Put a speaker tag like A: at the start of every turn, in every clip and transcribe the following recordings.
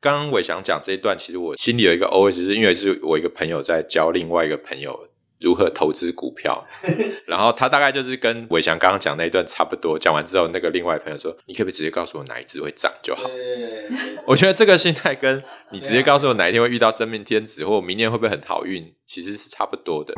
A: 剛剛偉翔講這一段，其實我心裡有一個 OS，就是因為是我一個朋友在教另外一個朋友如何投資股票， 然後他大概就是跟偉翔剛剛講那一段差不多。講完之後，那個另外朋友說：“你可不可以直接告訴我哪一隻會漲就好？”對對對對，我覺得這個心態跟你直接告訴我哪一天會遇到真命天子，啊、或明年會不會很好運，其實是差不多的。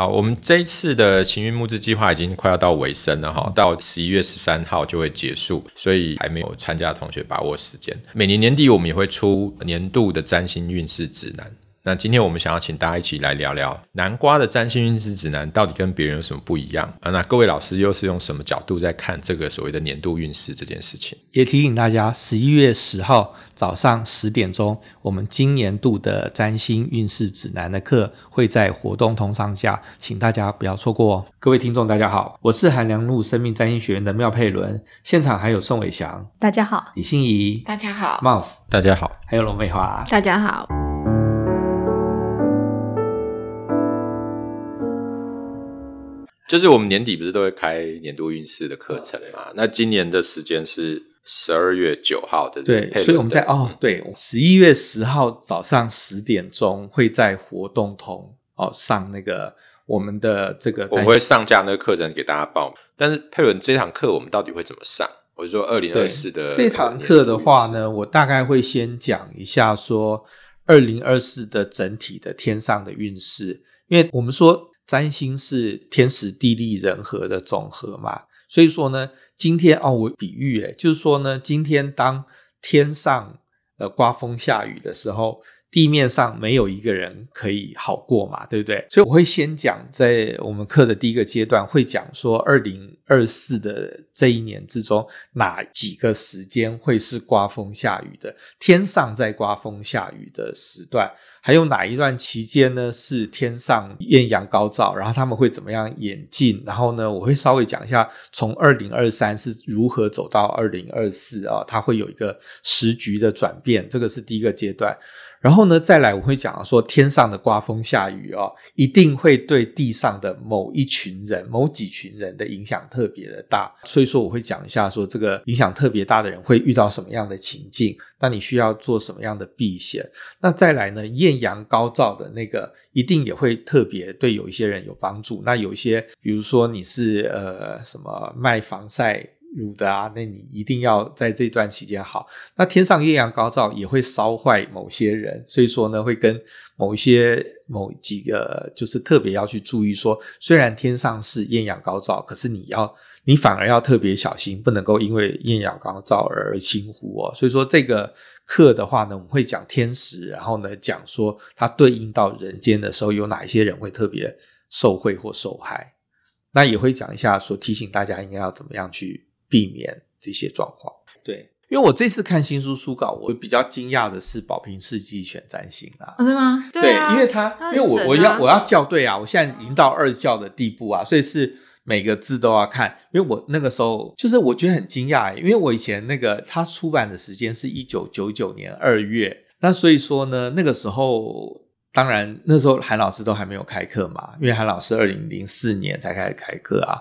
A: 好，我們這一次的行運募資計劃已經快要到尾聲了哈，到十一月十三號就會結束，所以還沒有參加的同學把握時間。每年年底我們也會出年度的占星運勢指南。那今天我們想要請大家一起來聊聊南瓜的占星運勢指南到底跟別人有什麼不一樣啊？那各位老師又是用什麼角度在看這個所謂的年度運勢這件事情？
B: 也提醒大家，十一月十號早上十點鐘，我們今年度的占星運勢指南的課會在活動通上架。請大家不要錯過哦。各位聽眾，大家好，我是韓良露生命占星學院的廖佩倫，現場還有宋偉翔，大家好；李欣怡，大家好；Mouse，大家好；Mouse, 家好還有龍美華，
C: 大家好。
A: 就是我們年底不是都會開年度運勢的課程嘛？嗯，那今年的時間是十二月九號的，對，所以我們在哦，
B: 對，十一月十號早上十點鐘會在活動通哦上那個我們的這個，我們會
A: 上架那個課程給大家報名。但是佩倫這堂課我們到底會怎麼上？我就是說二零二四的這堂課的
B: 話呢，我大概會先講一下說二零二四的整體的天上的運勢，因為我們說。三星是天時地利人和的總和嘛，所以說呢，今天哦，我比喻誒，就是說呢，今天當天上呃颳風下雨的時候。地面上沒有一個人可以好過嘛，對不對？所以我會先講，在我們課的第一個階段會講說，二零二四的這一年之中，哪幾個時間會是颳風下雨的？天上在颳風下雨的時段，還有哪一段期間呢？是天上豔陽高照，然後他們會怎麼樣演進？然後呢，我會稍微講一下，從二零二三是如何走到二零二四啊，它會有一個時局的轉變，這個是第一個階段。然後呢，再來我會講說天上的颳風下雨哦，一定會對地上的某一群人、某幾群人的影響特別的大。所以說我會講一下，說這個影響特別大的人會遇到什麼樣的情境，那你需要做什麼樣的避險。那再來呢，豔陽高照的那個一定也會特別對有一些人有幫助。那有一些，比如說你是呃什麼賣防晒。入的啊，那你一定要在這段期間好。那天上艷陽高照，也會燒壞某些人，所以說呢，會跟某一些、某幾個，就是特別要去注意說，雖然天上是艷陽高照，可是你要你反而要特別小心，不能夠因為艷陽高照而輕忽哦。所以說這個課的話呢，我們會講天時，然後呢講說它對應到人間的時候，有哪些人會特別受惠或受害，那也會講一下說，提醒大家應該要怎麼樣去。避免這些狀況，對，因為我這次看新書書稿，我比較驚訝的是《寶瓶世紀選占星》啊，啊對
D: 嗎？對,對、啊、因為他,他、啊、因為我我要我
B: 要校對啊，我現在已經到二校的地步啊，所以是每個字都要看，因為我那個時候就是我覺得很驚訝、啊，因為我以前那個他出版的時間是一九九九年二月，那所以說呢，那個時候當然那時候韓老師都還沒有開課嘛，因為韓老師二零零四年才開始開課啊。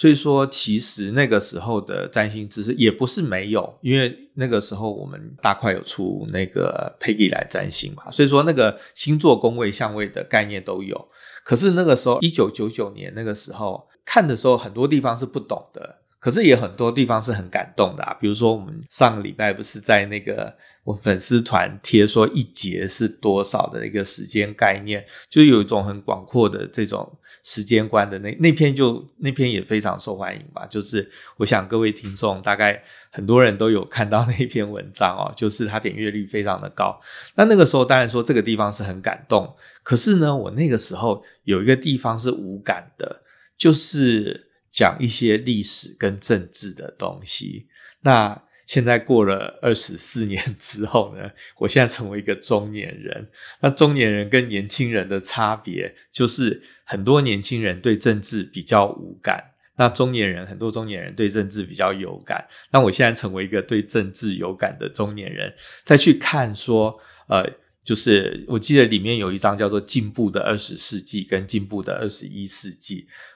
B: 所以說，其實那個時候的占星知識也不是沒有，因為那個時候我們大塊有出那個 Peggy 來占星嘛，所以說那個星座宮位相位的概念都有。可是那個時候，一九九九年那個時候看的時候，很多地方是不懂的，可是也很多地方是很感動的。啊，比如說，我們上個禮拜不是在那個我粉絲團貼說一節是多少的一個時間概念，就有一種很廣闊的這種。時間觀的那那篇，就那篇也非常受歡迎吧，就是我想各位聽眾大概很多人都有看到那篇文章哦，就是它點閱率非常的高。那那個時候當然說這個地方是很感動，可是呢，我那個時候有一個地方是無感的，就是講一些歷史跟政治的東西。那現在過了二十四年之後呢，我現在成為一個中年人。那中年人跟年輕人的差別，就是很多年輕人對政治比較無感，那中年人很多中年人對政治比較有感。那我現在成為一個對政治有感的中年人，再去看說，呃，就是我記得裡面有一章叫做《進步的二十世紀》跟《進步的二十一世紀》，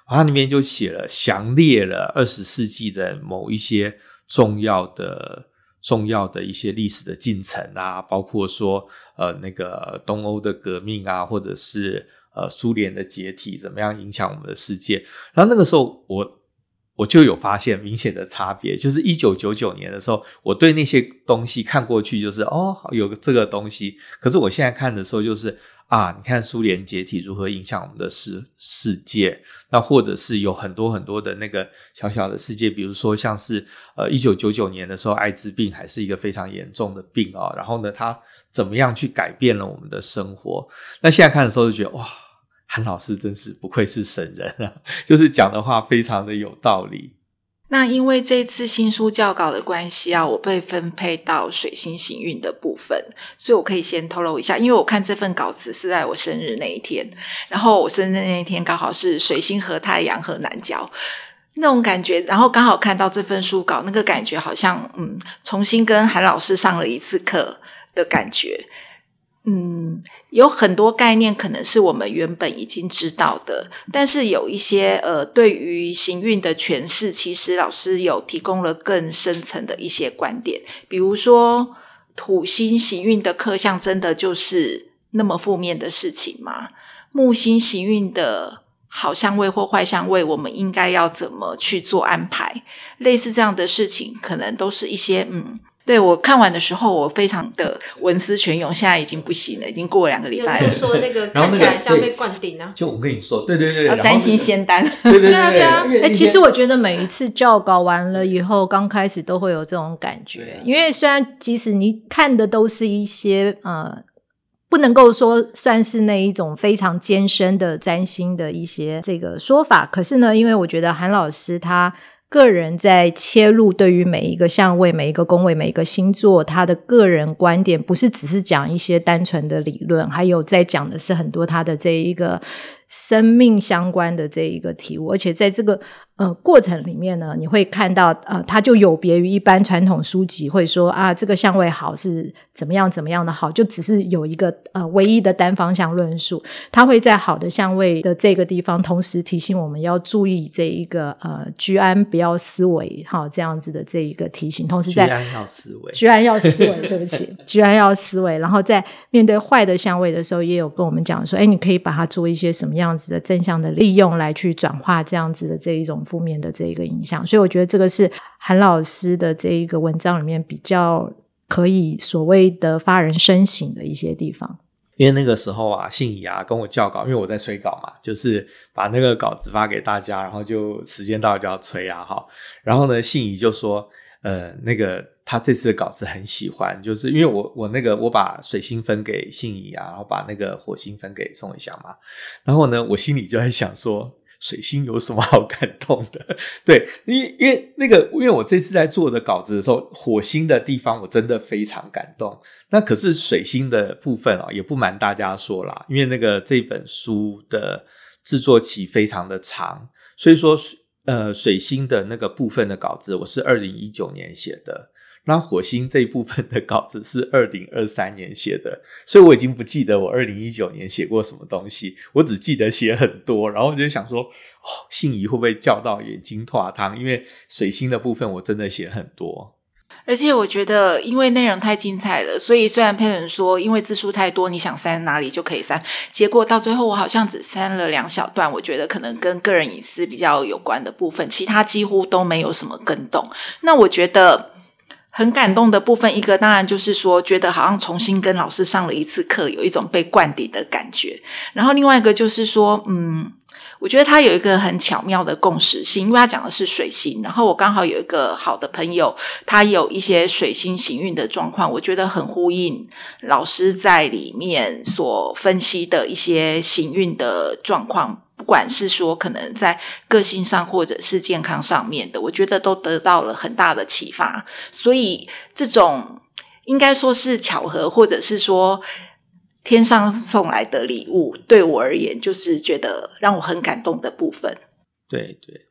B: 它裡面就寫了詳列了二十世紀的某一些。重要的、重要的一些歷史的進程啊，包括說呃那個東歐的革命啊，或者是呃蘇聯的解體，怎麼樣影響我們的世界。然後那個時候我。我就有發現明顯的差別，就是一九九九年的時候，我對那些東西看過去就是哦，有個這個東西，可是我現在看的時候就是啊，你看蘇聯解體如何影響我們的世世界，那或者是有很多很多的那個小小的世界，比如說像是呃一九九九年的時候，艾滋病還是一個非常嚴重的病啊、哦，然後呢，它怎麼樣去改變了我們的生活？那現在看的時候就覺得哇。韓老師真是不愧是神人啊！就是講的話非常的有道理。
D: 那因為這次新書校稿的關係啊，我被分配到水星行運的部分，所以我可以先透露一下。因為我看這份稿子是在我生日那一天，然後我生日那一天剛好是水星和太陽和南交，那種感覺，然後剛好看到這份書稿，那個感覺好像嗯，重新跟韓老師上了一次課的感覺。
C: 嗯，
D: 有很多概念可能是我們原本已經知道的，但是有一些呃，對於行運的詮釋，其實老師有提供了更深層的一些觀點。比如說，土星行運的克相真的就是那麼負面的事情嗎？木星行運的好相位或壞相位，我們應該要怎麼去做安排？類似這樣的事情，可能都是一些嗯。對，我看完的時候，我非常的文思泉湧，現在已經不行了，已經過了兩個禮拜了。
E: 說
B: 對對那個看起來像被灌頂了，啊，就我跟你說，對對對，占後星仙
C: 丹，
D: 對啊對啊。其實
B: 我
C: 覺得每一次教稿完了以後，對剛開始都會有這種感覺，對因為雖然即使你看的都是一些呃，不能夠說算是那一種非常艱深的占星的一些這個說法，可是呢，因為我覺得韓老師他。個人在切入對於每一個相位、每一個宮位、每一個星座，他的個人觀點不是只是講一些單純的理論，還有在講的是很多他的這一個生命相關的這一個題目，而且在這個呃過程裡面呢，你會看到呃，它就有別於一般傳統書籍會說啊，這個相位好是怎麼樣怎麼樣的好，就只是有一個呃唯一的單方向論述。它會在好的相位的這個地方，同時提醒我們要注意這一個呃居安不要思危哈這樣子的這一個提醒，同時在居安
B: 要思危，居安要思危，對
C: 不起， 居安要思危。然後在面對壞的相位的時候，也有跟我們講說，哎，你可以把它做一些什麼樣。這樣子的正向的利用來去轉化這樣子的這一種負面的這一個影響，所以我覺得這個是韓老師的這一個文章裡面比較可以所謂的發人深省的一些地方。
B: 因為那個時候啊，信宜啊跟我叫稿，因為我在催稿嘛，就是把那個稿子發給大家，然後就時間到了就要催啊，哈。然後呢，信宜就說，呃，那個。他這次的稿子很喜歡，就是因為我我那個我把水星分給信儀啊，然後把那個火星分給宋一翔嘛。然後呢，我心裡就在想說，水星有什麼好感動的？對，因為因為那個，因為我這次在做的稿子的時候，火星的地方我真的非常感動。那可是水星的部分哦，也不瞞大家說啦，因為那個這本書的製作期非常的長，所以說，呃，水星的那個部分的稿子我是二零一九年寫的。那火星這一部分的稿子是二零二三年寫的，所以我已經不記得我二零一九年寫過什麼東西，我只記得寫很多，然後我就想說，哦，信儀會不會叫到眼睛脫湯？因為水星的部分我真的寫很多，
D: 而且我覺得因為內容太精彩了，所以雖然佩倫說因為字數太多，你想刪哪裡就可以刪，結果到最後我好像只刪了兩小段，我覺得可能跟個人隱私比較有關的部分，其他幾乎都沒有什麼更動。那我覺得。很感動的部分，一個當然就是說，覺得好像重新跟老師上了一次課，有一種被灌頂的感覺。然後另外一個就是說，嗯，我覺得他有一個很巧妙的共識性，因為他講的是水星，然後我剛好有一個好的朋友，他有一些水星行運的狀況，我覺得很呼應老師在裡面所分析的一些行運的狀況。不管是說可能在個性上，或者是健康上面的，我覺得都得到了很大的啟發。所以這種應該說是巧合，或者是說天上送來的禮物，對我而言就是覺得讓我很感動的部分。
B: 對對，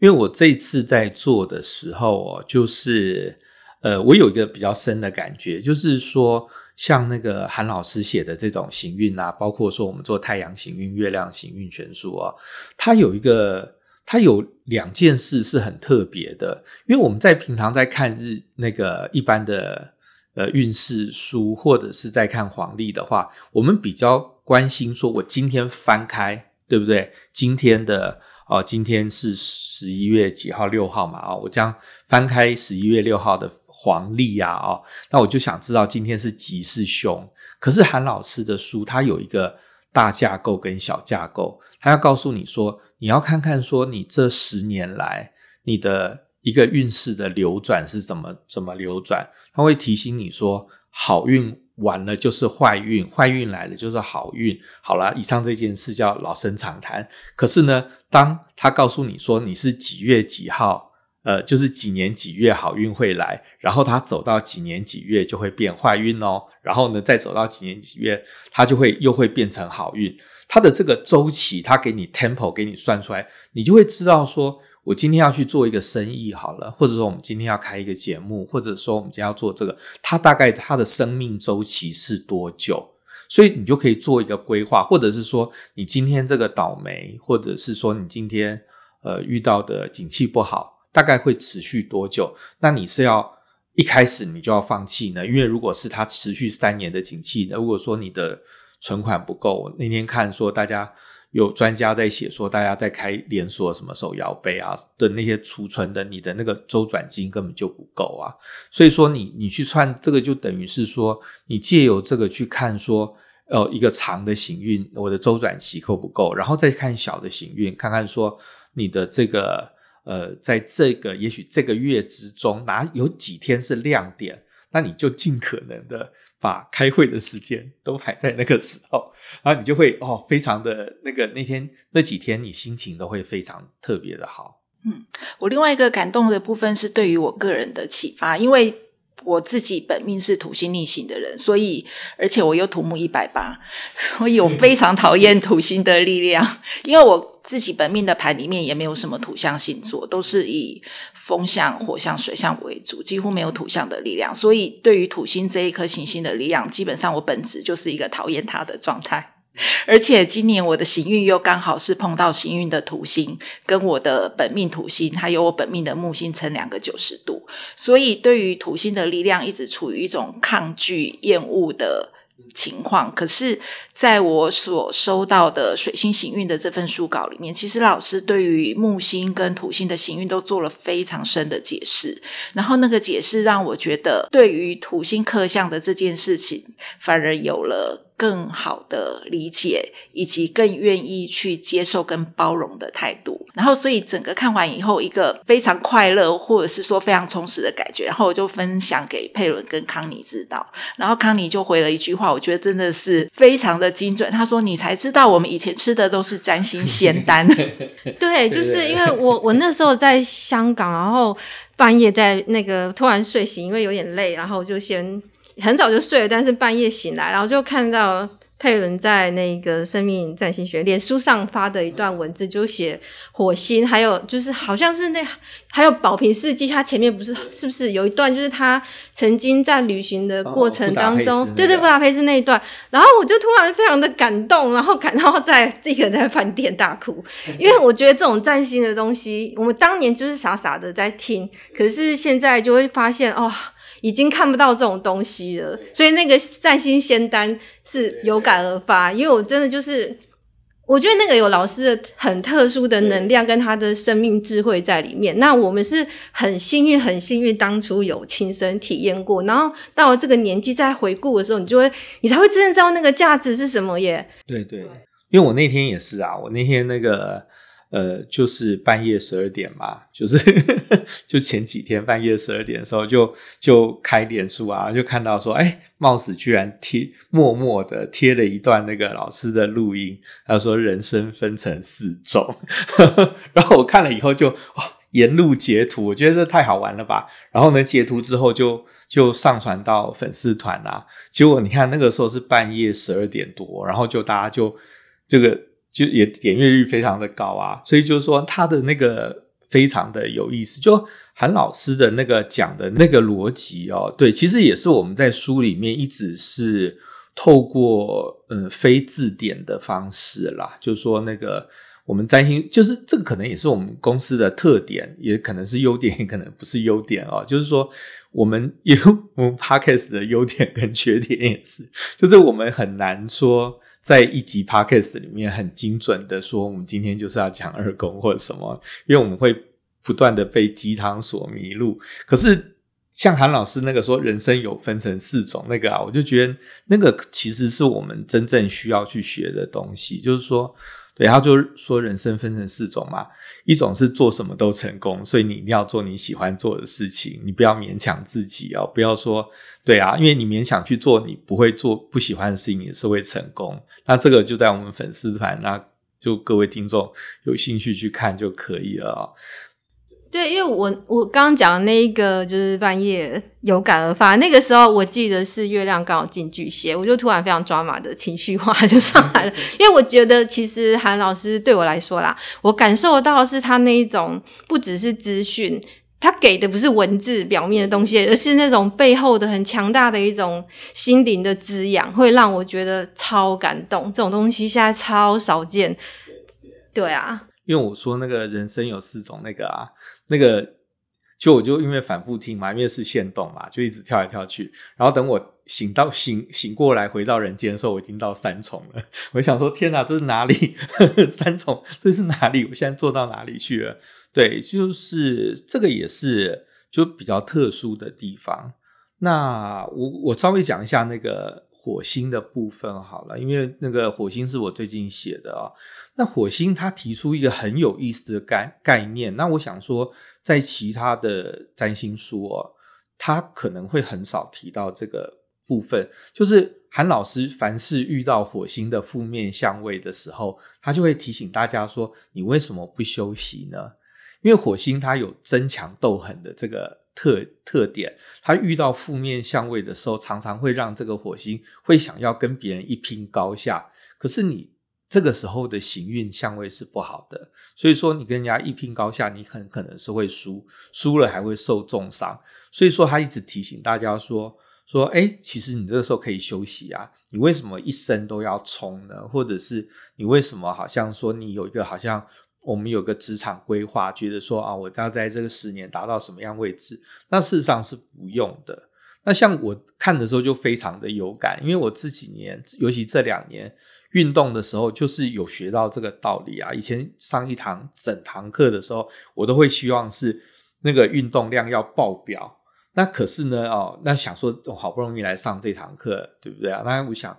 B: 因為我這次在做的時候哦，就是呃，我有一個比較深的感覺，就是說。像那個韓老師寫的這種行運啊，包括說我們做太陽行運、月亮行運全書啊，它有一個，它有兩件事是很特別的。因為我們在平常在看日那個一般的呃運勢書，或者是在看黃曆的話，我們比較關心說我今天翻開，對不對？今天的。哦，今天是十一月幾號？六號嘛。哦，我將翻開十一月六號的黃歷呀。哦，那我就想知道今天是吉是凶。可是韓老師的書，它有一個大架構跟小架構，他要告訴你說，你要看看說你這十年來你的一個運勢的流轉是怎麼怎麼流轉，他會提醒你說好運。完了，就是壞運，壞運來了就是好運。好啦，以上這件事叫老生常談。可是呢，當他告訴你說，你是幾月幾號，呃，就是幾年幾月好運會來，然後他走到幾年幾月就會變壞運，哦，然後呢再走到幾年幾月，他就會又會變成好運。他的這個週期，他給你 temple 給你算出來，你就會知道說。我今天要去做一個生意好了，或者說我們今天要開一個節目，或者說我們今天要做這個，它大概它的生命週期是多久？所以你就可以做一個規劃，或者是說你今天這個倒霉，或者是說你今天呃遇到的景氣不好，大概會持續多久？那你是要一開始你就要放棄呢？因為如果是它持續三年的景氣，那如果說你的存款不夠，那天看說大家。有專家在寫說，大家在開連鎖什麼手搖杯啊的那些儲存的，你的那個週轉金根本就不夠啊。所以說你，你你去串這個就等於是說，你借由這個去看說，呃，一個長的行運，我的週轉期夠不夠？然後再看小的行運，看看說你的這個呃，在這個也許這個月之中，哪有幾天是亮點？那你就盡可能的。把開會的時間都排在那個時候，然後你就會哦，非常的那個那天那幾天，你心情都會非常特別的好。
D: 嗯，我另外一個感動的部分是對於我個人的啟發，因為。我自己本命是土星逆行的人，所以而且我又土木一百八，所以我非常討厭土星的力量。因為我自己本命的盤裡面也沒有什麼土象星座，都是以風象、火象、水象為主，幾乎沒有土象的力量。所以對於土星這一顆行星的力量，基本上我本質就是一個討厭它的狀態。而且今年我的行運又剛好是碰到行運的土星，跟我的本命土星，還有我本命的木星呈兩個九十度，所以對於土星的力量一直處於一種抗拒、厭惡的情況。可是，在我所收到的水星行運的這份書稿裡面，其實老師對於木星跟土星的行運都做了非常深的解釋，然後那個解釋讓我覺得，對於土星克相的這件事情，反而有了。更好的理解，以及更願意去接受跟包容的態度，然後所以整個看完以後，一個非常快樂，或者是說非常充實的感覺，然後我就分享給佩倫跟康妮知道，然後康妮就回了一句話，我覺得真的是非常的精準。他說：“你才知道，我們以前吃的都是占星仙丹。” 對，就是因為我
E: 我那時候在香港，然後半夜在那個突然睡醒，因為有點累，然後就先。很早就睡了，但是半夜醒來，然後就看到佩倫在那個《生命占星學》臉書上發的一段文字，就寫火星，還有就是好像是那還有寶瓶世紀，他前面不是是不是有一段，就是他曾經在旅行的過程當中，對、哦、對，布達佩斯那一段，然後我就突然非常的感動，然後感到在自己人在飯店大哭，因為我覺得這種占星的東西，我們當年就是傻傻的在聽，可是現在就會發現哦。已經看不到這種東西了，對所以那個善心仙丹是有感而發，對對因為我真的就是，我覺得那個有老師的很特殊的能量跟他的生命智慧在裡面。對那我們是很幸運，很幸運當初有親身體驗過，然後到了這個年紀再回顧的時候，你就會，你才會真正知道那個價值是什麼耶。
B: 對對，因為我那天也是啊，我那天那個。呃，就是半夜十二點嘛，就是 就前幾天半夜十二點的時候就，就就開臉書啊，就看到說，哎，貌似居然貼默默的貼了一段那個老師的錄音，他說人生分成四種， 然後我看了以後就哇、哦、沿路截圖，我覺得這太好玩了吧，然後呢截圖之後就就上傳到粉絲團啊，結果你看那個時候是半夜十二點多，然後就大家就這個。就也點閱率非常的高啊，所以就是說他的那個非常的有意思，就韓老師的那個講的那個邏輯哦，對，其實也是我們在書裡面一直是透過嗯、呃、非字典的方式啦，就是說那個我們占星，就是這個可能也是我們公司的特點，也可能是優點，也可能不是優點哦、喔，就是說我們有我們 podcast 的優點跟缺點也是，就是我們很難說。在一集 Podcast 裡面很精準的說，我們今天就是要講二宮或者什麼，因為我們會不斷的被雞湯所迷路。可是像韓老師那個說人生有分成四種那個啊，我就覺得那個其實是我們真正需要去學的東西。就是說，對，他就說人生分成四種嘛，一種是做什麼都成功，所以你一定要做你喜歡做的事情，你不要勉強自己啊、喔，不要說對啊，因為你勉強去做你不會做不喜歡的事情，也是會成功。那這個就在我們粉絲團，那就各位聽眾有興趣去看就可以了啊、哦。
E: 對，因為我我剛剛講的那一個就是半夜有感而發，那個時候我記得是月亮剛好進巨蟹，我就突然非常抓馬的情緒化就上來了， 因為我覺得其實韓老師對我來說啦，我感受到是他那一種不只是資訊，他給的不是文字表面的東西，而是那種背後的很強大的一種心靈的滋養，會讓我覺得超感動。這種東西現在超少見，對啊。
B: 因為我說那個人生有四種那個啊，那個就我就因為反覆聽嘛，因為是限動嘛，就一直跳來跳去。然後等我醒到醒醒過來回到人間的時候，我已經到三重了。我想說，天哪，這是哪裡？ 三重，這是哪裡？我現在坐到哪裡去了？對，就是這個也是就比較特殊的地方。那我我稍微講一下那個火星的部分好了，因為那個火星是我最近寫的哦。那火星它提出一個很有意思的概概念。那我想說，在其他的占星書哦，他可能會很少提到這個部分。就是韓老師，凡是遇到火星的負面相位的時候，他就會提醒大家說：“你為什麼不休息呢？”因為火星它有爭強鬥狠的這個特特點，它遇到負面相位的時候，常常會讓這個火星會想要跟別人一拼高下。可是你這個時候的行運相位是不好的，所以說你跟人家一拼高下，你很可能是會輸，輸了還會受重傷。所以說他一直提醒大家說說，欸，其實你這個時候可以休息啊，你為什麼一生都要衝呢？或者是你為什麼好像說你有一個好像？我們有個職場規劃，覺得說啊，我要在這個十年達到什麼樣位置？那事實上是不用的。那像我看的時候就非常的有感，因為我這幾年，尤其這兩年運動的時候，就是有學到這個道理啊。以前上一堂整堂課的時候，我都會希望是那個運動量要爆表。那可是呢，哦，那想說我、哦、好不容易來上這堂課，對不對啊？那我想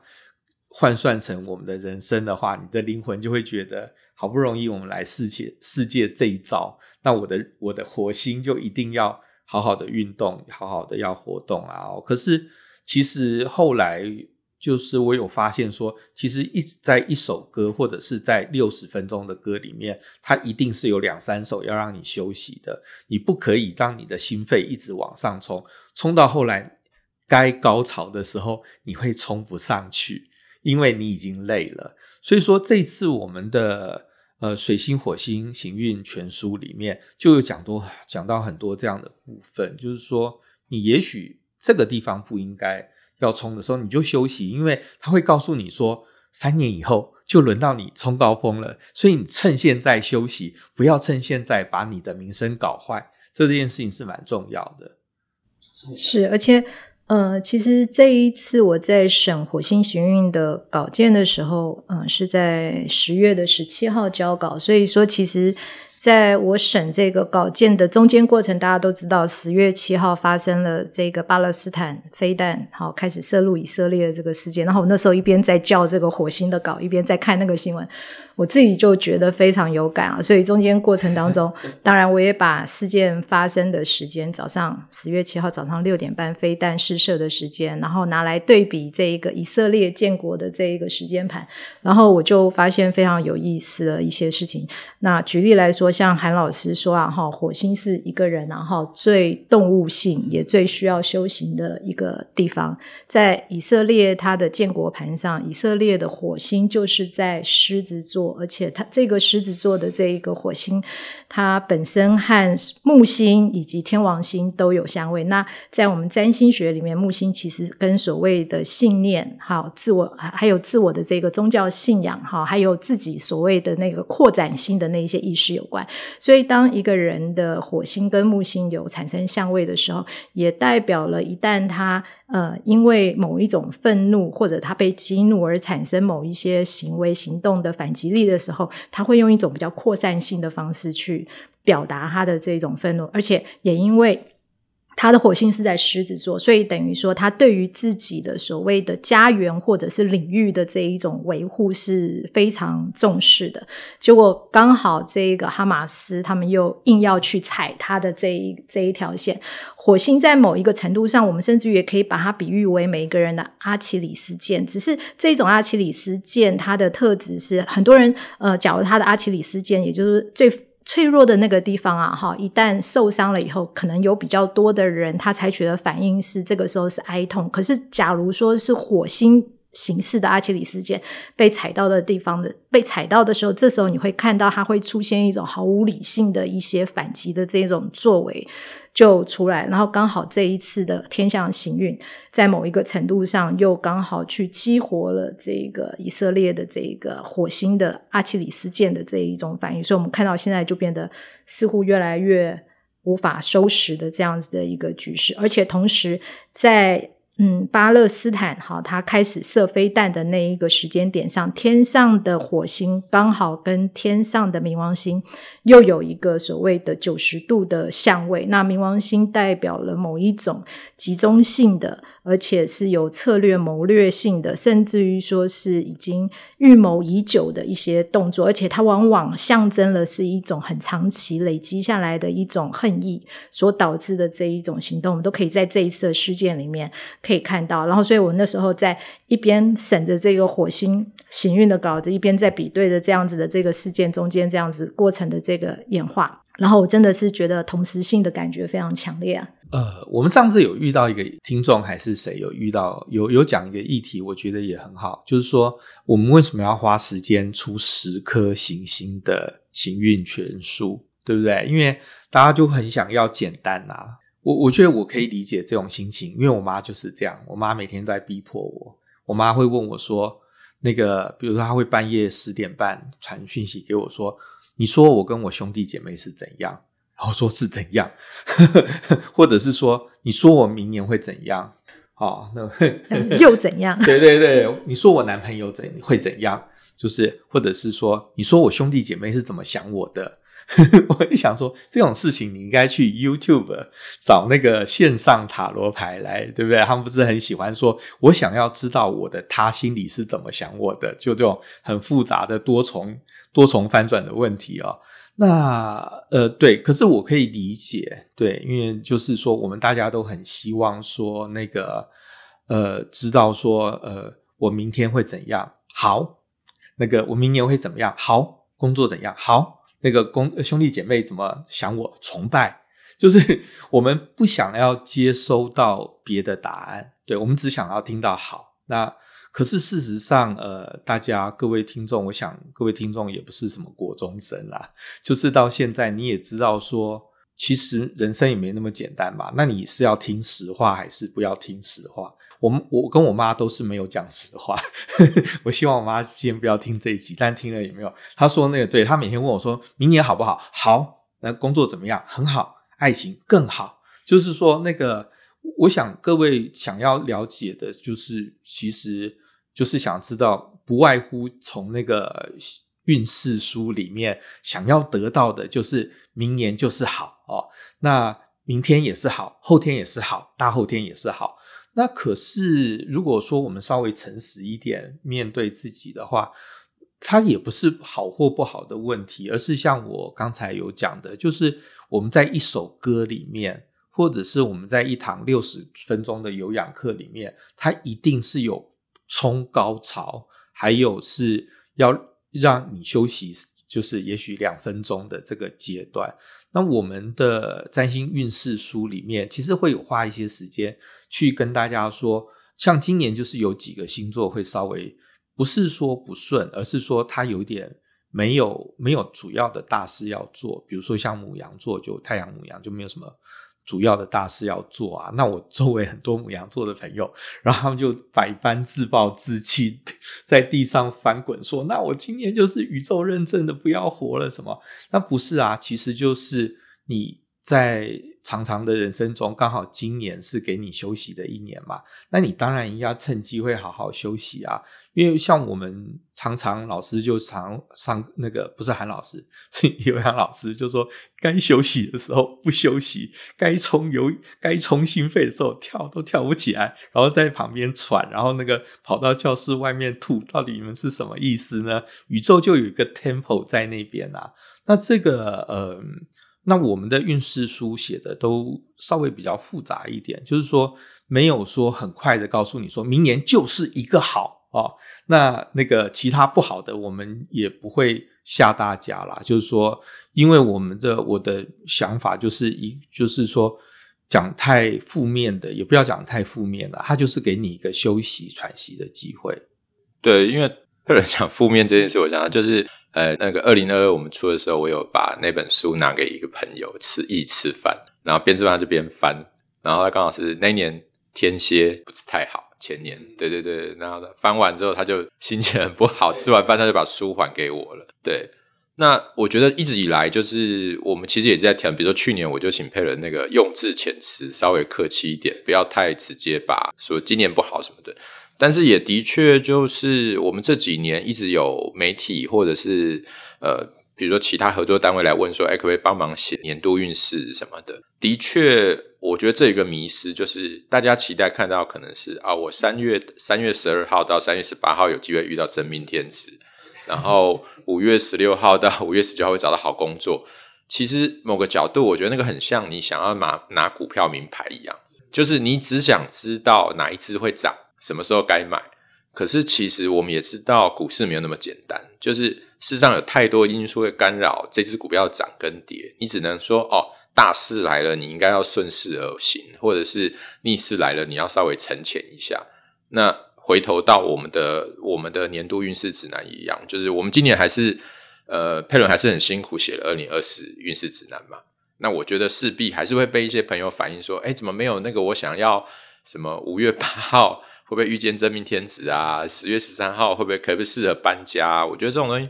B: 換算成我們的人生的話，你的靈魂就會覺得。好不容易我們來世界世界這一遭，那我的我的火星就一定要好好的運動，好好的要活動啊、哦！可是其實後來就是我有發現說，其實一直在一首歌或者是在六十分鐘的歌裡面，它一定是有兩三首要讓你休息的。你不可以當你的心肺一直往上衝，衝到後來該高潮的時候你會衝不上去，因為你已經累了。所以說這次我們的。呃，《水星火星行運全書》裡面就有講多講到很多這樣的部分，就是說，你也許這個地方不應該要衝的時候，你就休息，因為它會告訴你說，三年以後就輪到你衝高峰了，所以你趁現在休息，不要趁現在把你的名聲搞壞，這件事情是蠻重要的。
C: 是，而且。呃、嗯，其實這一次我在審火星行運的稿件的時候，嗯，是在十月的十七號交稿，所以說，其實在我審這個稿件的中間過程，大家都知道，十月七號發生了這個巴勒斯坦飛彈，好，開始射入以色列的這個事件。然後我那時候一邊在叫這個火星的稿，一邊在看那個新聞。我自己就覺得非常有感啊，所以中間過程當中，當然我也把事件發生的時間，早上十月七號早上六點半飛彈試射的時間，然後拿來對比這一個以色列建國的這一個時間盤，然後我就發現非常有意思的一些事情。那舉例來說，像韓老師說啊，哈，火星是一個人，然後最動物性也最需要修行的一個地方，在以色列它的建國盤上，以色列的火星就是在獅子座。而且它這個獅子座的這一個火星，它本身和木星以及天王星都有相位。那在我們占星學裡面，木星其實跟所謂的信念、好自我還有自我的這個宗教信仰、好，還有自己所謂的那個擴展性的那一些意識有關。所以，當一個人的火星跟木星有產生相位的時候，也代表了一旦他。呃，因為某一種憤怒或者他被激怒而產生某一些行為行動的反擊力的時候，他會用一種比較擴散性的方式去表達他的這種憤怒，而且也因為。他的火星是在獅子座，所以等於說他對於自己的所謂的家園或者是領域的這一種維護是非常重視的。結果剛好這個哈馬斯他們又硬要去踩他的這一這一條線。火星在某一個程度上，我們甚至於也可以把它比喻為每一個人的阿基里斯腱。只是這種阿基里斯腱，它的特質是很多人呃，假如，他的阿基里斯腱，也就是最。脆弱的那個地方啊，哈，一旦受傷了以後，可能有比較多的人，他採取的反應是這個時候是哀痛。可是，假如說是火星。形式的阿基里斯腱被踩到的地方的，被踩到的時候，這時候你會看到它會出現一種毫無理性的一些反擊的這種作為就出來，然後剛好這一次的天象行運，在某一個程度上又剛好去激活了這個以色列的這個火星的阿基里斯腱的這一種反應，所以我們看到現在就變得似乎越來越無法收拾的這樣子的一個局勢，而且同時在。嗯，巴勒斯坦好，他開始射飛彈的那一個時間點上，天上的火星剛好跟天上的冥王星又有一個所謂的九十度的相位，那冥王星代表了某一種集中性的。而且是有策略謀略性的，甚至於說是已經預謀已久的一些動作，而且它往往象徵了是一種很長期累積下來的一種恨意所導致的這一種行動，我們都可以在這一次事件裡面可以看到。然後，所以我那時候在一邊審着這個火星行運的稿子，一邊在比對着這樣子的這個事件中間這樣子過程的這個演化，然後我真的是覺得同時性的感覺非常強烈啊。
B: 呃，我們上次有遇到一個聽眾還是誰有遇到，有有講一個議題，我覺得也很好，就是說我們為什麼要花時間出十顆行星的行運全書，對不對？因為大家就很想要簡單啊。我我覺得我可以理解這種心情，因為我媽就是這樣，我媽每天都在逼迫我，我媽會問我說，那個比如說她會半夜十點半傳訊息給我說，你說我跟我兄弟姐妹是怎樣？我、哦、說是怎樣， 或者是說你說我明年會怎樣？啊、哦，那 又
C: 怎樣？對對
B: 對，你說我男朋友怎會怎樣？就是或者是說你說我兄弟姐妹是怎麼想我的？ 我一想說這種事情你應該去 YouTube 找那個線上塔羅牌來，對不對？他們不是很喜歡說，我想要知道我的他心裡是怎麼想我的，就這種很複雜的多重多重翻轉的問題哦。那呃，對，可是我可以理解，對，因為就是說，我們大家都很希望說那個呃，知道說呃，我明天會怎樣？好，那個我明年會怎麼樣？好，工作怎樣？好，那個工、呃、兄弟姐妹怎麼想我崇拜，就是我們不想要接收到別的答案，對，我們只想要聽到好，那。可是事實上，呃，大家各位聽眾，我想各位聽眾也不是什麼國中生啦，就是到現在你也知道說，其實人生也沒那麼簡單嘛。那你是要聽實話還是不要聽實話？我們我跟我媽都是沒有講實話。呵呵，我希望我媽先不要聽這一期，但聽了也沒有。她說那個對，她每天問我說明年好不好？好，那工作怎麼樣？很好，愛情更好。就是說那個，我想各位想要了解的，就是其實，就是想知道，不外乎從那個運勢書裡面想要得到的，就是明年就是好哦，那明天也是好，後天也是好，大後天也是好。那可是，如果說我們稍微誠實一點面對自己的話，它也不是好或不好的問題，而是像我剛才有講的，就是我們在一首歌裡面，或者是我們在一堂六十分鐘的有氧課裡面，它一定是有。衝高潮，還有是要讓你休息，就是也許兩分鐘的這個階段。那我們的占星運勢書裡面，其實會有花一些時間去跟大家說，像今年就是有幾個星座會稍微不是說不順，而是說它有點沒有沒有主要的大事要做，比如說像牡羊座，就太陽牡羊就沒有什麼。主要的大事要做啊，那我周圍很多牡羊座的朋友，然後他們就百般自暴自棄，在地上翻滾，說：“那我今年就是宇宙認證的不要活了，什麼？那不是啊，其實就是你在。”常常的人生中，剛好今年是給你休息的一年嘛？那你當然要趁機會好好休息啊！因為像我們常常老師就常常那個不是韓老師，是有氧老師，就說該休息的時候不休息，該充油、該充心肺的時候跳都跳不起來，然後在旁邊喘，然後那個跑到教室外面吐，到底你們是什麼意思呢？宇宙就有一個 tempo 在那邊啊，那這個嗯。呃那我們的運勢書寫的都稍微比較複雜一點，就是說沒有說很快的告訴你，說明年就是一個好啊，哦，那那個其他不好的，我們也不會嚇大家啦，就是說，因為我們的我的想法就是一，就是說講太負面的，也不要講太負面了。他就是給你一個休息喘息的機會。
A: 對，因為特別講負面這件事，我想就是。呃，那個二零二二我們出的時候，我有把那本書拿給一個朋友吃一次飯，然後邊吃飯他就邊翻，然後他剛好是那年天蠍不是太好，前年對對對，然後翻完之後他就心情很不好，吃完飯他就把書還給我了。對，那我覺得一直以來就是我們其實也是在調，比如說去年我就請配了那個用字遣詞稍微客氣一點，不要太直接，把說今年不好什麼的。但是也的確，就是我們這幾年一直有媒體或者是呃，比如說其他合作單位來問說：“誒、欸，可不可以幫忙寫年度運勢什麼的？”的確，我覺得這一個迷思就是大家期待看到可能是啊，我三月三月十二號到三月十八號有機會遇到真命天子，然後五月十六號到五月十九號會找到好工作。其實某個角度，我覺得那個很像你想要拿拿股票名牌一樣，就是你只想知道哪一支會漲。什麼時候該買？可是其實我們也知道股市沒有那麼簡單，就是市場有太多因素會干擾這只股票漲跟跌。你只能說，哦，大勢來了，你應該要順勢而行；或者是逆勢來了，你要稍微沉潛一下。那回頭到我們的我們的年度運勢指南一樣，就是我們今年還是呃佩倫還是很辛苦寫了二零二四運勢指南嘛。那我覺得勢必還是會被一些朋友反映說，哎，怎麼沒有那個我想要什麼五月八號？會不會遇見真命天子啊？十月十三號會不會可不不適合搬家啊？我覺得這種東西，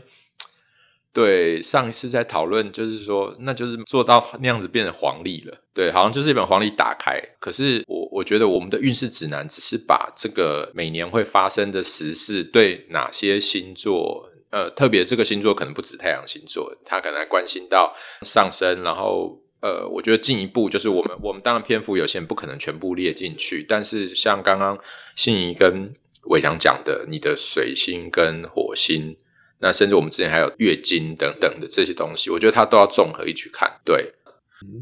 A: 對，上一次在討論，就是說，那就是做到那樣子變成黃曆了。對，好像就是一本黃曆打開。可是我我覺得我們的運勢指南只是把這個每年會發生的時事對哪些星座，呃，特別這個星座可能不止太陽星座，它可能還關心到上升，然後。呃，我覺得進一步就是我們，我們當然篇幅有限，不可能全部列進去。但是像剛剛信儀跟偉強講的，你的水星跟火星，那甚至我們之前還有月經等等的這些東西，我覺得它都要綜合一起看。對，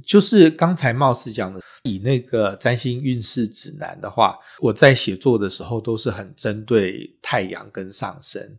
B: 就是剛才貌似講的，以那個《占星運勢指南》的話，我在寫作的時候都是很針對太陽跟上升，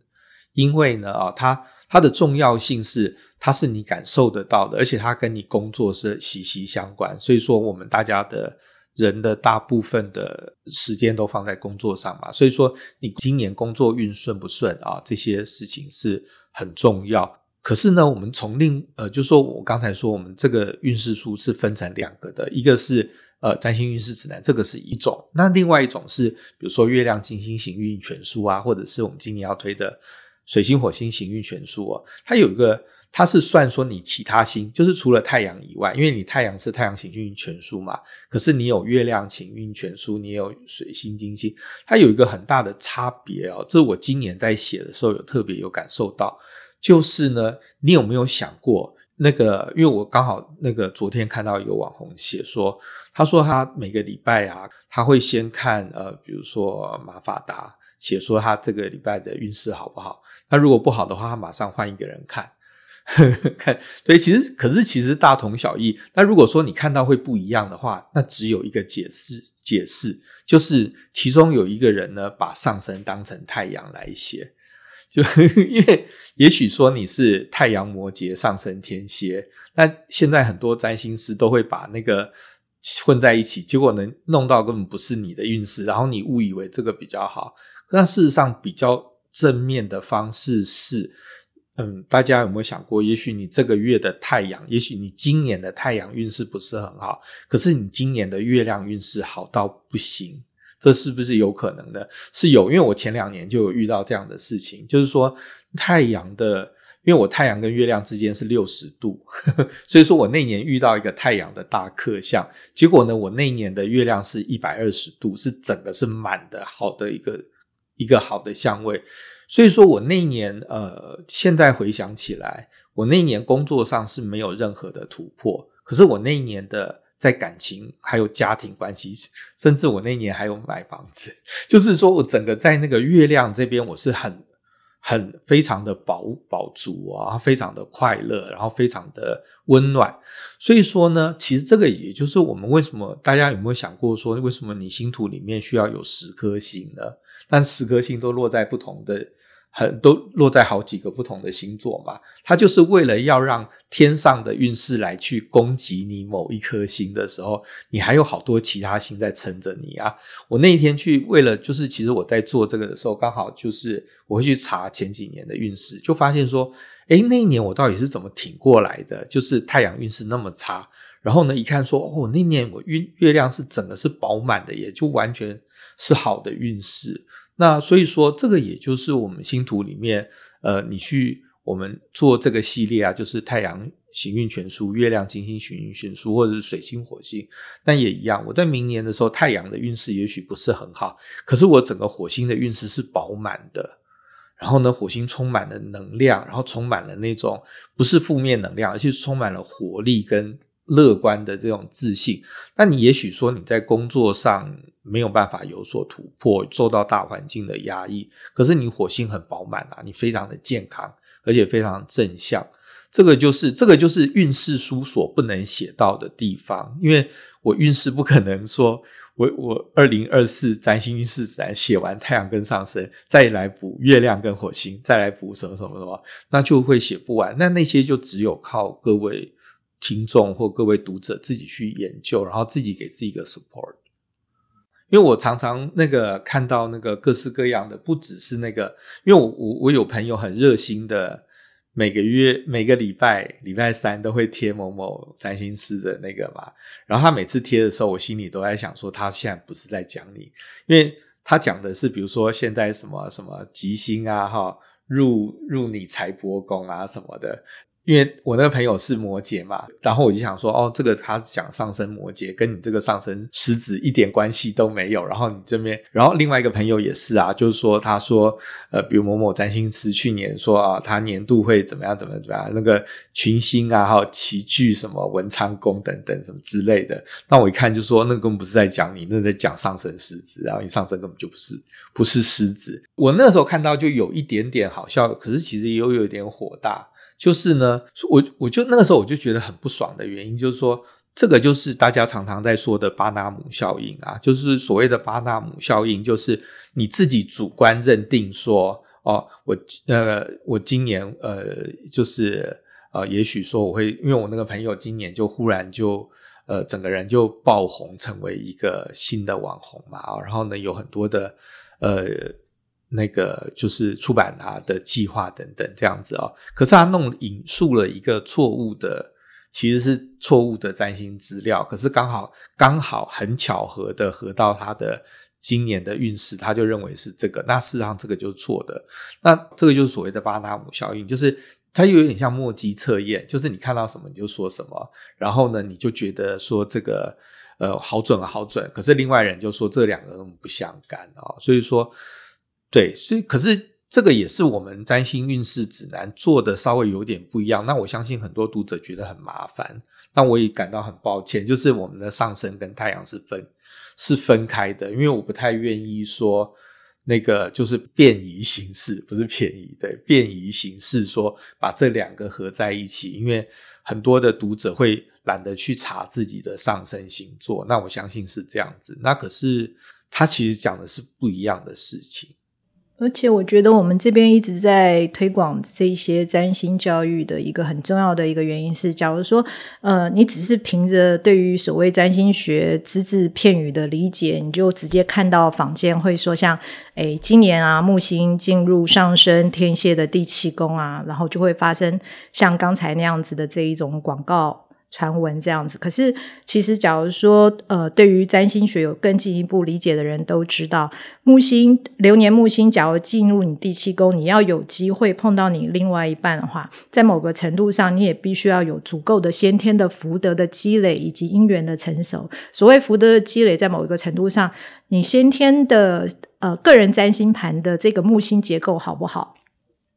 B: 因為呢啊、哦，它它的重要性是。它是你感受得到的，而且它跟你工作是息息相關。所以說，我們大家的人的大部分的時間都放在工作上嘛。所以說，你今年工作運順不順啊？這些事情是很重要。可是呢，我們從另呃，就是說我剛才說，我們這個運勢書是分成兩個的，一個是呃，占星運勢指南，這個是一種；那另外一種是，比如說月亮、金星行運全書啊，或者是我們今年要推的水星、火星行運全書哦、啊，它有一個。它是算說你其他星，就是除了太陽以外，因為你太陽是太陽行運全書嘛，可是你有月亮行運全書，你也有水星金星，它有一個很大的差別哦。這我今年在寫的時候有特別有感受到，就是呢，你有沒有想過那個？因為我剛好那個昨天看到一個網紅寫說，他說他每個禮拜啊，他會先看呃，比如說馬法達寫說他這個禮拜的運勢好不好，那如果不好的話，他馬上換一個人看。 看，所以其實，可是其實大同小異。那如果說你看到會不一樣的話，那只有一個解釋，解釋就是其中有一個人呢，把上升當成太陽來寫，就呵呵因為也許說你是太陽摩羯上升天蠍，那現在很多占星師都會把那個混在一起，結果能弄到根本不是你的運勢，然後你誤以為這個比較好，但事實上比較正面的方式是。嗯，大家有沒有想過，也許你這個月的太陽，也許你今年的太陽運勢不是很好，可是你今年的月亮運勢好到不行，這是不是有可能的？是有，因為我前兩年就有遇到這樣的事情，就是說太陽的，因為我太陽跟月亮之間是六十度，呵呵，所以說我那年遇到一個太陽的大克相，結果呢，我那年的月亮是一百二十度，是整個是滿的，好的一個一個好的相位。所以說我那一年，呃，現在回想起來，我那一年工作上是沒有任何的突破。可是我那一年的在感情還有家庭關係，甚至我那一年還有買房子，就是說我整個在那個月亮這邊，我是很很非常的飽飽足啊、哦，非常的快樂，然後非常的溫暖。所以說呢，其實這個也就是我們為什麼大家有沒有想過說，為什麼你星圖裡面需要有十顆星呢？但十顆星都落在不同的。很都落在好幾個不同的星座嘛，它就是為了要讓天上的運勢來去攻擊你某一顆星的時候，你還有好多其他星在撐着你啊。我那一天去為了就是其實我在做這個的時候，剛好就是我會去查前幾年的運勢，就發現說，哎，那一年我到底是怎麼挺過來的？就是太陽運勢那麼差，然後呢，一看說，哦，那年我運月亮是整個是飽滿的，也就完全是好的運勢。那所以說，這個也就是我們星圖裡面，呃，你去我們做這個系列啊，就是太陽行運全書、月亮金星行運全書，或者是水星火星，但也一樣。我在明年的時候，太陽的運勢也許不是很好，可是我整個火星的運勢是飽滿的。然後呢，火星充滿了能量，然後充滿了那種不是負面能量，而且充滿了活力跟。樂觀的這種自信，那你也許說你在工作上沒有辦法有所突破，受到大環境的壓抑。可是你火星很飽滿啊，你非常的健康，而且非常正向。這個就是這個就是運勢書所不能寫到的地方，因為我運勢不可能說我我二零二四占星運勢只來寫完太陽跟上升，再來補月亮跟火星，再來補什麼什麼什麼，那就會寫不完。那那些就只有靠各位聽眾或各位讀者自己去研究，然後自己給自己一個 support。因為我常常那個看到那個各式各樣的，不只是那個，因為我我，我有朋友很熱心的，每個月每個禮拜禮拜三都會貼某某占星師的那個嘛，然後他每次貼的時候，我心裡都在想說他現在不是在講你，因為他講的是比如說現在什麼什麼吉星啊哈入入你財帛宮啊什麼的。因為我那個朋友是摩羯嘛，然後我就想說，哦，這個他想上升摩羯，跟你這個上升獅子一點關係都沒有。然後你這邊，然後另外一個朋友也是啊，就是說他說，呃，比如某某占星師去年說啊，他年度會怎麼樣怎麼樣怎麼樣，那個群星啊，還有齊聚什麼文昌宮等等什麼之類的。那我一看就說，那個、根本不是在講你，那個、在講上升獅子，然後你上升根本就不是不是獅子。我那時候看到就有一點點好笑，可是其實也有，有點火大。就是呢，我我就那個時候我就覺得很不爽的原因，就是說這個就是大家常常在說的巴納姆效應啊，就是所謂的巴納姆效應，就是你自己主觀認定說，哦，我呃，我今年呃，就是呃，也許說我會，因為我那個朋友今年就忽然就呃，整個人就爆紅，成為一個新的網紅嘛，啊，然後呢，有很多的呃。那個就是出版他的計劃等等這樣子啊、哦，可是他弄、引述了一個錯誤的，其實是錯誤的占星資料，可是剛好剛好很巧合的合到他的今年的運勢，他就認為是這個，那事實上這個就是錯的，那這個就是所謂的巴納姆效應，就是它又有點像墨跡測驗，就是你看到什麼你就說什麼，然後呢你就覺得說，這個呃好準啊好準，可是另外人就說，這兩個人不相干啊、哦，所以說。對，所以可是這個也是我們占星運勢指南做的稍微有點不一樣。那我相信很多讀者覺得很麻煩，那我也感到很抱歉。就是我們的上升跟太陽是分是分開的，因為我不太願意說那個就是便宜行事，不是便宜，對，便宜行事說把這兩個合在一起，因為很多的讀者會懶得去查自己的上升星座。那我相信是這樣子，那可是他其實講的是不一樣的事情。
C: 而且我覺得我們這邊一直在推廣這些占星教育的一個很重要的一個原因是，假如說，呃，你只是憑着對於所謂占星學只字片語的理解，你就直接看到坊間會說，像，哎，今年啊，木星進入上升天蠍的第七宮啊，然後就會發生像剛才那樣子的這一種廣告。傳聞這樣子，可是其實，假如說，呃，對於占星學有更進一步理解的人都知道，木星流年木星，假如進入你第七宮，你要有機會碰到你另外一半的話，在某個程度上，你也必須要有足夠的先天的福德的積累，以及姻緣的成熟。所謂福德的積累，在某一個程度上，你先天的呃個人占星盤的這個木星結構好不好？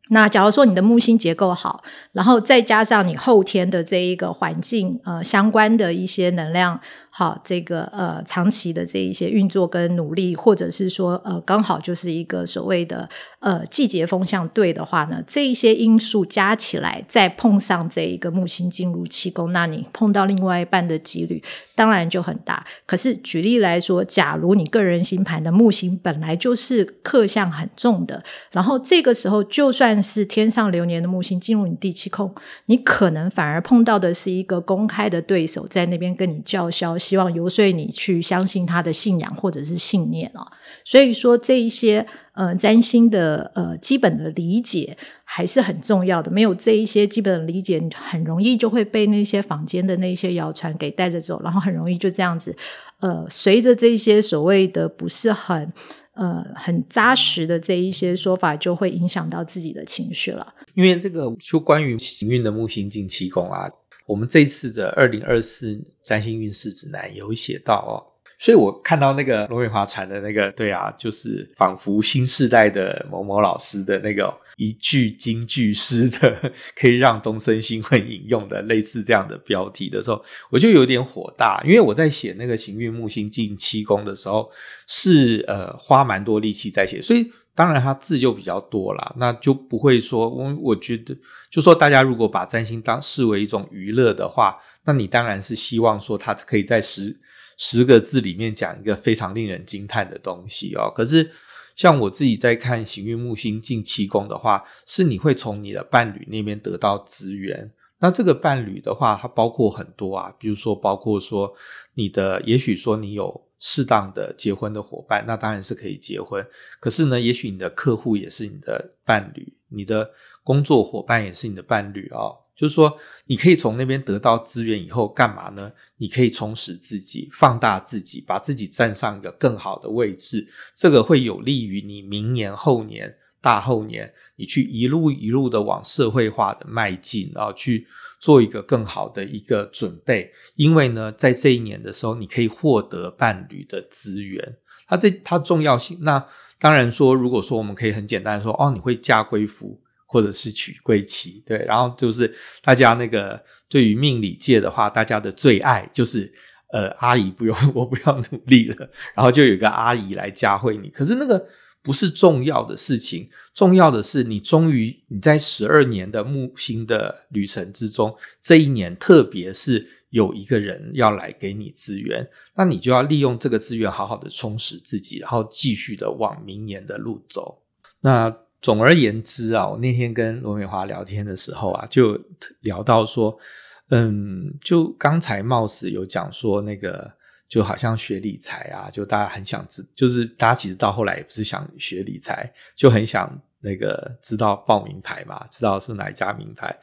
C: 那假如說你的木星結構好，然後再加上你後天的這一個環境，呃，相關的一些能量。好，這個呃，長期的這一些運作跟努力，或者是說呃，剛好就是一個所謂的呃季節風向對的話呢，這一些因素加起來，再碰上這一個木星進入七宮，那你碰到另外一半的幾率當然就很大。可是舉例來說，假如你個人星盤的木星本來就是剋相很重的，然後這個時候就算是天上流年的木星進入你第七宮，你可能反而碰到的是一個公開的對手，在那邊跟你叫囂。希望遊說你去相信他的信仰或者是信念啊，所以說，這一些呃占星的呃基本的理解還是很重要的。沒有這一些基本的理解，你很容易就會被那些坊間的那些謠傳給帶着走，然後很容易就這樣子呃，隨着這些所謂的不是很呃很扎實的這一些說法，就會影響到自己的情緒了。
B: 因為這個就關於行運的木星進七宮啊。我們這次的二零二四占星運勢指南有寫到哦，所以我看到那個羅永華傳的那個，對啊，就是仿佛新世代的某某老師的那個一句金句式的，可以讓東森新聞引用的類似這樣的標題的時候，我就有點火大，因為我在寫那個行運木星進七宮的時候，是呃花蠻多力氣在寫，所以。當然，他字就比較多啦，那就不會說。我我覺得，就說大家如果把占星當視為一種娛樂的話，那你當然是希望說他可以在十十個字裡面講一個非常令人驚嘆的東西哦。可是，像我自己在看行運木星進七宮的話，是你會從你的伴侶那邊得到資源。那這個伴侶的話，它包括很多啊，比如說包括說你的，也許說你有適當的結婚的夥伴，伴，那當然是可以結婚。可是呢，也許你的客戶也是你的伴侶，你的工作夥伴也是你的伴侶哦，就是說，你可以從那邊得到資源以後，幹嘛呢？你可以充實自己，放大自己，把自己站上一個更好的位置。這個會有利於你明年、後年、大後年。你去一路一路的往社會化的邁進，然後去做一個更好的一個準備，因為呢，在這一年的時候，你可以獲得伴侶的資源。它這它重要性。那當然說，如果說我們可以很簡單說，哦，你會嫁貴夫或者是娶貴妻，對，然後就是大家那個對於命理界的話，大家的最愛就是呃，阿姨，不用我不要努力了，然後就有一個阿姨來教會你。可是那個。不是重要的事情，重要的是你終於你在十二年的木星的旅程之中，這一年特別是有一個人要來給你資源，那你就要利用這個資源好好的充實自己，然後繼續的往明年的路走。那總而言之啊，我那天跟羅美華聊天的時候啊，就聊到說，嗯，就剛才貌似有講說那個。就好像學理財啊，就大家很想知，就是大家其實到後來也不是想學理財，就很想那個知道報名牌嘛，知道是哪一家名牌。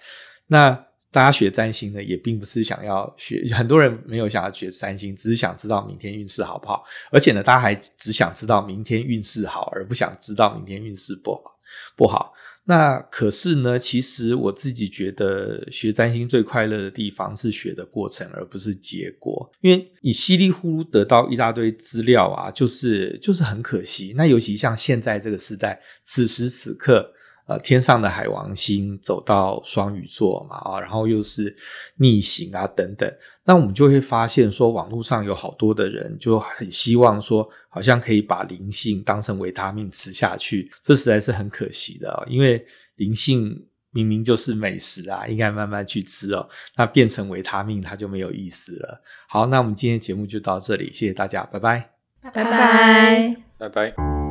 B: 那大家學占星呢，也並不是想要學，很多人沒有想要學三星，只是想知道明天運勢好不好。而且呢，大家還只想知道明天運勢好，而不想知道明天運勢不好，不好。那可是呢，其實我自己覺得學占星最快樂的地方是學的過程，而不是結果。因為你稀里糊塗得到一大堆資料啊，就是就是很可惜。那尤其像現在這個時代，此時此刻。呃，天上的海王星走到雙魚座嘛、哦，啊，然後又是逆行啊，等等，那我們就會發現說，網絡上有好多的人就很希望說，好像可以把靈性當成維他命吃下去，這實在是很可惜的、哦、因為靈性明明就是美食啊，應該慢慢去吃哦，那變成維他命，它就沒有意思了。好，那我們今天的節目就到這裡，謝謝大家，拜拜，
C: 拜拜，拜拜。
B: 拜拜